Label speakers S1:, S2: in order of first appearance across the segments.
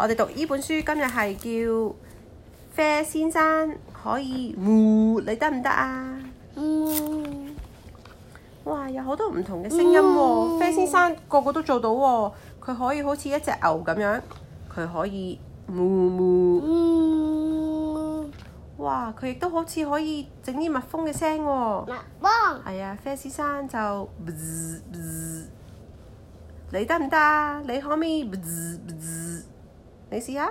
S1: 我哋讀呢本書，今日係叫啡先生，可以唔？你得唔得啊？唔。哇！有好多唔同嘅聲音喎，啡先生個個都做到喎。佢可以好似一隻牛咁樣，佢可以唔唔。嗯。Mm. 哇！佢亦都好似可以整啲蜜蜂嘅聲喎。蜜蜂。係啊，啡哇先生就噠噠，你得唔得啊？你可唔可以噠噠？B zz, b zz 你試下，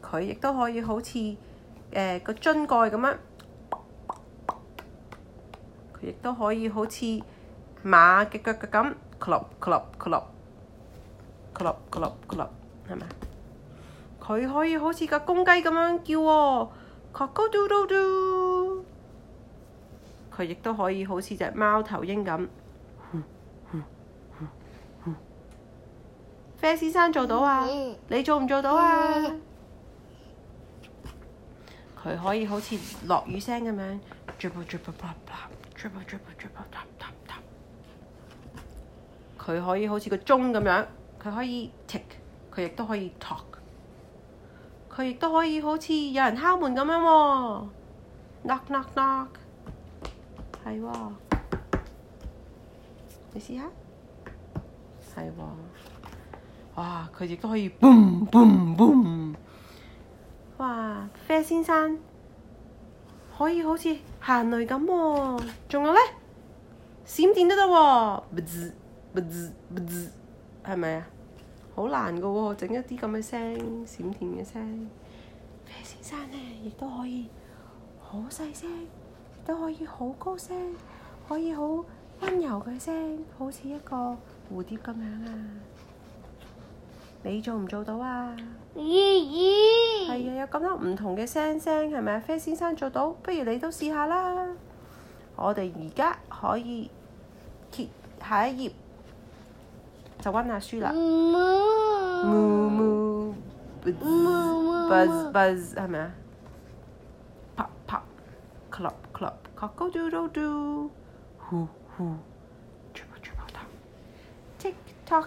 S1: 佢亦都可以好似誒、呃、個樽蓋咁樣，佢亦都可以好似馬嘅腳腳咁，咯噠咯噠咯噠，咯噠咯噠咯噠，係咪？佢可以好似個公雞咁樣叫喎，cock-a-doodle-doo，佢亦都可以好似隻貓頭鷹咁。啡先生做到啊！你做唔做到啊？佢 可以好似落雨聲咁樣，佢 可以好似個鐘咁樣，佢可以 tick，佢亦都可以 talk，佢亦都可以好似有人敲門咁樣喎，knock knock knock，係喎、哦，你試下，係喎、哦。哇！佢亦都可以 boom boom boom，哇！啡先生可以好似行雷咁喎、哦，仲有咧閃電，都得喎，啵滋啵滋啵滋，係咪啊？好難㗎喎、哦，整一啲咁嘅聲，閃電嘅聲。啡先生咧亦都可以好細聲，都可以好高聲，可以好溫柔嘅聲，好似一個蝴蝶咁樣啊！你做唔做到啊咦咦係啊有咁多唔同嘅聲聲係咪啊飛先生做到不如你都試下啦我哋而家可以 keep 下一頁就温下書啦 move move move buds buds 係咪啊啪啪 club club cocko do do do 呼呼 TikTok